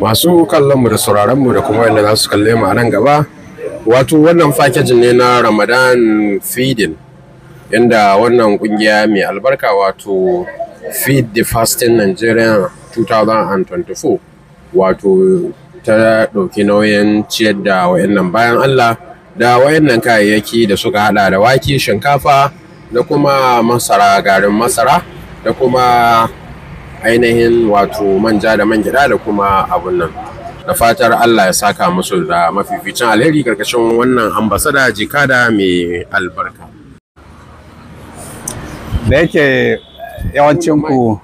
masu kallon kallonmu da mu da kuma wanda za su kalle mu a nan gaba wato wannan fakejin ne na ramadan feeding inda wannan kungiya mai albarka wato feed the fasting nigeria 2024 wato ta ɗauki nauyin ciyar da wayannan bayan allah da wayannan kayayyaki da suka hada da wake shinkafa da kuma masara garin masara da kuma ainihin wato manja da man gyaɗa da kuma abun nan da fatar Allah ya saka musu da mafificin alheri karkashin wannan ambasada jikada mai albarka da yake yawancin ku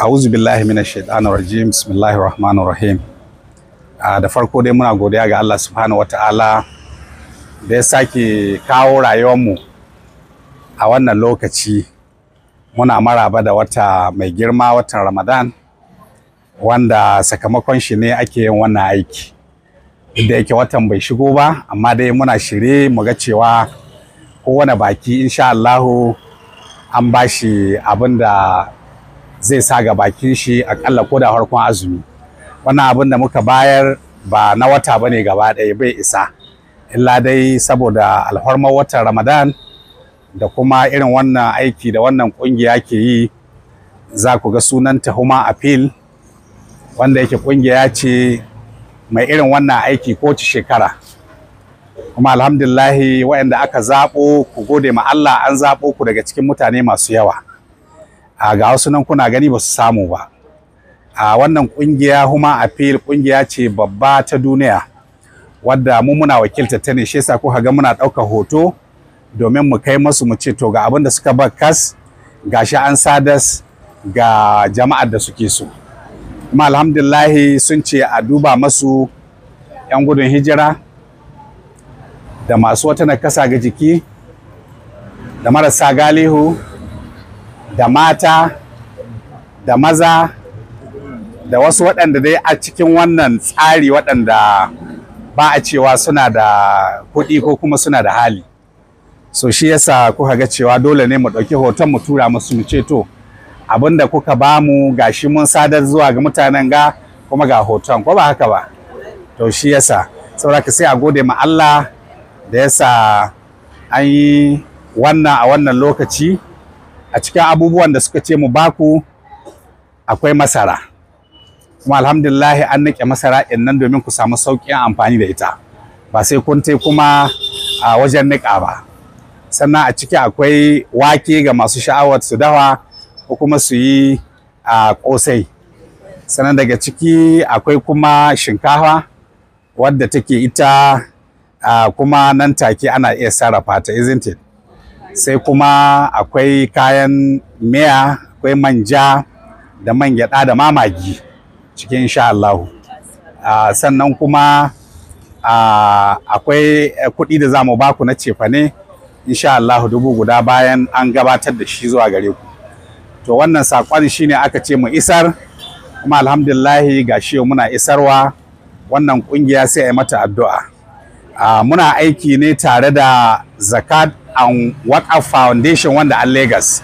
a'udhu billahi minash shaitanir rajim bismillahir rahmanir rahim da farko dai muna godiya ga Allah subhanahu wataala da ya sake kawo rayuwar mu a wannan lokaci muna maraba da wata mai girma watan ramadan wanda sakamakon shi ne ake yin wannan aiki da yake watan bai shigo ba amma dai muna shirye mu ga cewa kowane baki insha Allahu an ba shi abin da zai sa ga bakin shi akalla ko da harkon azumi wannan abin da muka bayar ba na wata bane gaba ɗaya bai isa illa dai saboda alhormar watan ramadan da kuma irin wannan aiki da wannan kungiya ke yi za ku ga sunanta Huma Appeal wanda yake kungiya ce mai irin wannan aiki kowace shekara. Kuma alhamdulahi waɗanda aka zaɓo ku gode ma Allah an zaɓo ku daga cikin mutane masu yawa. A ga wasu nan kuna gani ba su samu ba. A wannan kungiya Huma Appeal kungiya ce babba ta duniya wadda mu muna wakilta ta ne shi yasa kuka ga muna ɗaukar hoto domin mu kai masu mu ce to ga abin da suka bar kas ga shi an sadas ga jama'ar da suke so kuma alhamdulillahi sun ce a duba masu 'yan gudun hijira da masu wata nakasa ga jiki da marasa galihu da mata da maza da wasu waɗanda dai a cikin wannan tsari waɗanda ba a cewa suna da kuɗi ko kuma suna da hali so shi yasa kuka ga cewa dole ne mu ɗauki hoton mu tura musu mu ce to abin da kuka ba mu gashi mun sadar zuwa ga mutanen ga kuma ga hoton ko ba haka ba to shi yasa saboda sai a gode ma Allah da yasa an yi wannan a wannan lokaci a cikin abubuwan da suka ce mu baku akwai masara kuma alhamdulillahi an nake masara in nan domin ku samu sauƙin amfani da ita ba sai kun tai kuma a wajen niƙa ba sannan a ciki akwai wake ga masu sha'awar su dawa ko kuma su yi a kosai sannan daga ciki akwai kuma shinkafa wadda take ita kuma nan take ana iya sarrafa ta isn't it sai kuma akwai kayan miya akwai manja da man gyada da mamagi cikin insha Allah sannan kuma akwai eh, kuɗi da za mu baku na cefane insha Allah dubu guda bayan an gabatar da shi zuwa gare ku to wannan sakon ne aka ce mu isar kuma alhamdulillahi ga shi muna isarwa wannan ƙungiya sai a mata addu'a muna aiki ne tare da zakat and waqaf foundation wanda a Lagos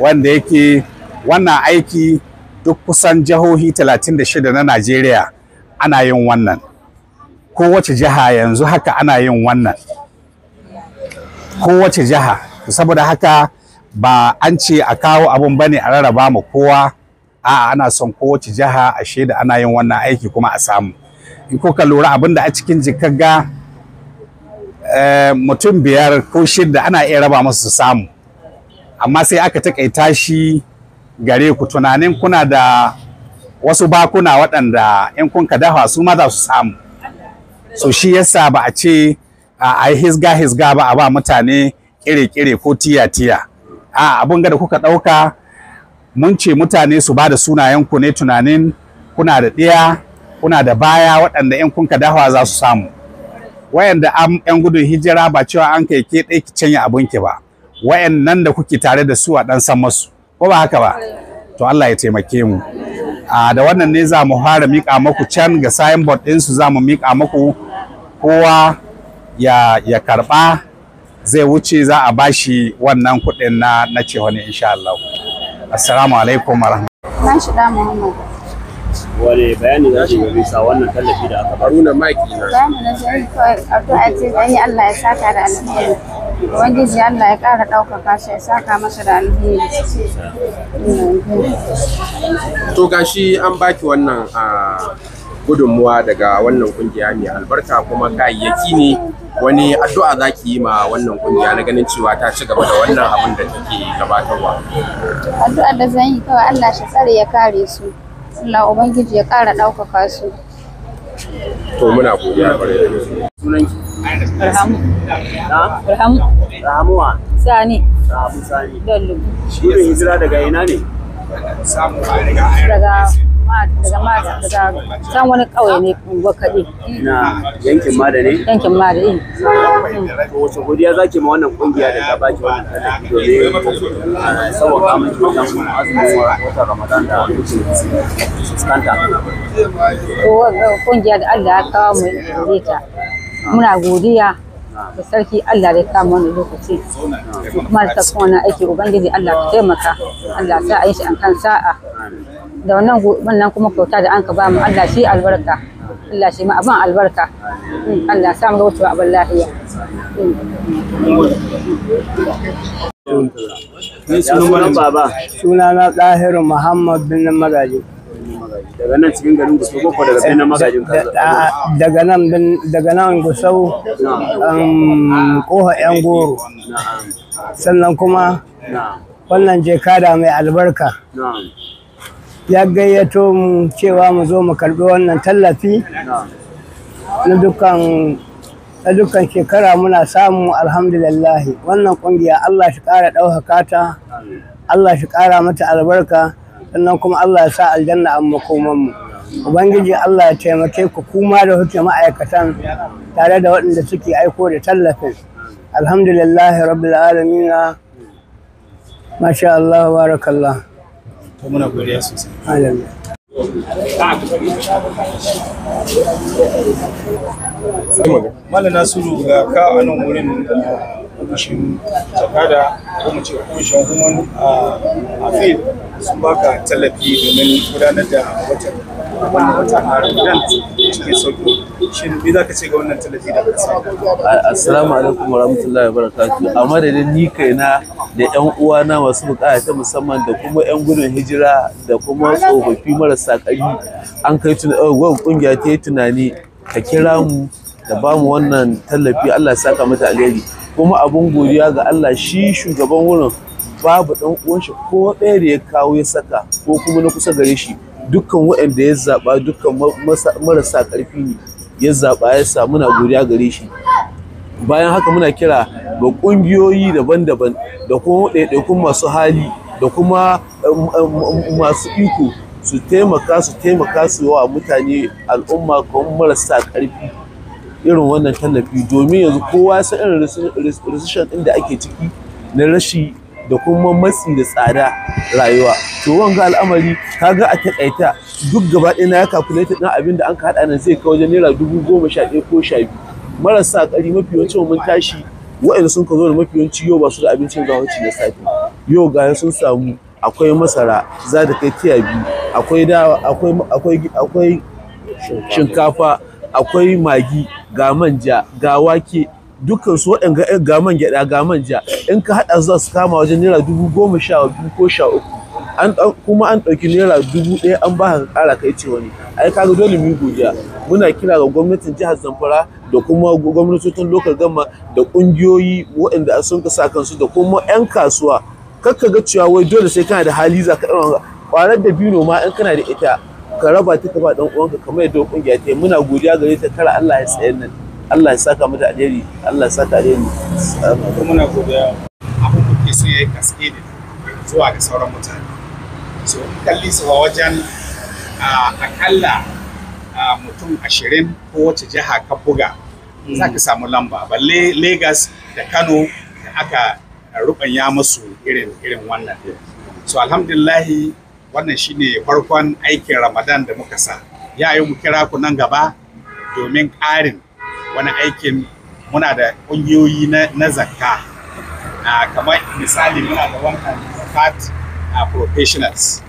wanda yake wannan aiki duk kusan jihohi 36 na Najeriya ana yin wannan kowace jiha yanzu haka ana yin wannan kowace jiha saboda haka ba an ce a kawo abun bane a rarraba mu kowa a'a ana son kowace jiha a shaida ana yin wannan aiki kuma a samu in kuka lura abin da a cikin ga eh, mutum biyar ko shida ana iya raba masu su samu amma sai aka takaita shi gare ku tunanin kuna da wasu bakuna waɗanda in kun ka dafa su ma za su samu so shi yasa ba a ce a yi hisga hisga ba a ba mutane kire-kire ko tiya-tiya a abin da kuka ɗauka mun ce mutane su bada da sunayenku ne tunanin kuna da ɗiya kuna da baya waɗanda 'yan kunka dawa za su samu wayanda am 'yan gudun hijira ba cewa an kai ke ɗaya ki canya abinki ba wayannan da kuke tare da su a ɗan san masu ko ba haka ba to Allah ya taimake mu a da wannan ne za mu fara miƙa maku can ga din ɗinsu za mu mika maku kowa ya, ya karba zai wuce za a bashi wannan kuɗin na na cewa ne insha Allah. Assalamu alaikum wa Na shi da Muhammad. Wane bayani za shi gari sa wannan tallafi da aka faru na maki na. da na zai kawai addu'a ce da yi Allah ya saka da alheri. Ubangiji Allah ya ƙara ɗaukaka shi ya saka masa da alheri. To gashi an baki wannan a ah, gudunmuwa daga wannan kungiya mai albarka kuma kayayyaki ne wani addu'a za ki yi ma wannan kungiya na ganin cewa ta ci gaba da wannan abin da take gabatarwa addu'a da zan yi kawai Allah shi tsare ya kare su Allah ubangiji ya kara ɗaukaka su to muna godiya kwarai da sunanki Rahamu. Rahamu. Rahamuwa. Sani. Rahamu Sani. Dallu. Shirin hijira daga ina ne? daga daga mada daga can wani kauye ne unguwar kaɗe. Na yankin mada ne? Yankin mada eh. ne. Wace godiya za ki ma wannan kungiya da ta ba ki wannan tallafi domin sauwa kamun cutar azumin watan Ramadan da mutum fuskanta. Kungiya da Allah ya kawo mu rita. Muna godiya da sarki Allah da kama wani lokaci kuma da kuma wannan aiki ubangiji Allah ka taimaka Allah sa a yi shi an kan sa'a da wannan wannan kuma kyauta da an ka ba mu Allah shi albarka Allah shi ma abin albarka hmm, Allah sa mu wucewa abin lafiya hmm. Sunana Ɗahiru Muhammad bin Magaji. daga nan cikin garin gusau ko daga kai kaza daga nan daga um, koha yan goro sannan kuma wannan je jekada mai albarka ya gayyato mu cewa mu zo mu karbi wannan tallafi na dukkan na dukkan shekara muna samu alhamdulillahi wannan kungiya Allah shi kara ɗaukaka ta Allah shi kara mata albarka sannan kuma Allah ya sa aljanna an makoman mu ubangiji Allah ya taimake ku kuma da huke ma'aikatan tare da waɗanda suke aiko da tallafin alhamdulillahi rabbil alamin masha Allah barakallah to muna godiya sosai alamin Malam Nasiru ga ka anan wurin ofishin jakada ko mu ce ofishin human ah, affairs sun baka tallafi domin gudanar da watan wannan wata a ramadan cikin sauki shin me za ka ce ga wannan tallafi da ka samu assalamu alaikum warahmatullahi wabarakatuh a madadin ni kaina da yan uwana masu bukata ta musamman da kuma yan gudun hijira da kuma tsofaffi marasa ƙari an kai kungiya oh, ta yi tunani ka kira mu da ba mu wannan tallafi Allah ya saka mata alheri kuma abin godiya ga Allah shi shugaban wurin babu dan uwan shi ko ɗaya da ya kawo ya saka ko kuma na kusa gare shi dukkan waɗanda ya zaba dukkan marasa ƙarfi ne ya zaba ya sa muna godiya gare shi bayan haka muna kira ga ƙungiyoyi daban-daban da kuma ɗaiɗaikun masu hali da kuma um, um, um, masu iko su taimaka su taimaka su wa mutane al'umma kuma marasa ƙarfi irin wannan tallafi domin yanzu kowa san irin recession da ake ciki na rashi da kuma matsi da tsada rayuwa to wanga al'amari kaga a takaita duk gaba ɗaya na ya calculate ɗin abin da an ka haɗa nan zai kai wajen naira dubu goma sha ɗaya ko sha biyu marasa ƙari mafi yawancin mun tashi waɗanda sun ka zo da mafi yawanci yau ba su da abincin gawanci na safe yau ga sun samu akwai masara za da kai tiya biyu akwai dawa akwai akwai shinkafa akwai magi ga manja ga wake dukkan su eh, ga man gyaɗa ga manja in ka haɗa za su kama wajen naira dubu goma sha biyu ko sha uku kuma an ɗauki naira dubu ɗaya an ba ka ƙara kai ce wani ai kaga dole mu godiya muna kira ga gwamnatin jihar Zamfara da kuma gwamnatocin local gama da ƙungiyoyi waɗanda sun ka sa kansu da kuma 'yan kasuwa kakka ga cewa wai dole sai kana da hali za ka ɗaura kwarar da bino ma in kana da ita ka raba ta ka ba dan uwanka kamar yadda kungiya ta muna godiya gare ta kar Allah ya tsaye nan Allah ya saka mata alheri Allah ya saka alheri muna godiya abin da ke so yayi kaske zuwa ga sauran mutane so kalli su wajen akalla mutum ashirin ko wace jiha ka buga za ka samu lamba balle Legas da Kano da aka rubanya musu irin irin wannan so alhamdulillah wannan shine farkon aikin ramadan da muka sa ya yi kira ku nan gaba domin ƙarin wani aikin muna da ƙungiyoyi na zakka kamar misali muna da wankan zakat professionals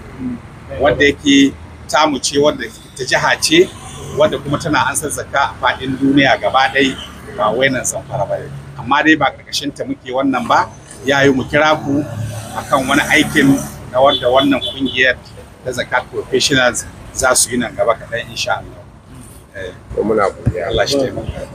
wadda yake tamu ce wadda ta jiha ce wadda kuma tana ansar zakka a faɗin duniya gaba dai ba wainan samfara ba amma dai ba ƙarƙashinta ta muke wannan ba ya yi mu kira ku akan wani aikin na wanda wannan kungiyar ta zakat professionals za su yi nan gaba kaɗan insha Allah. Eh, muna godiya Allah shi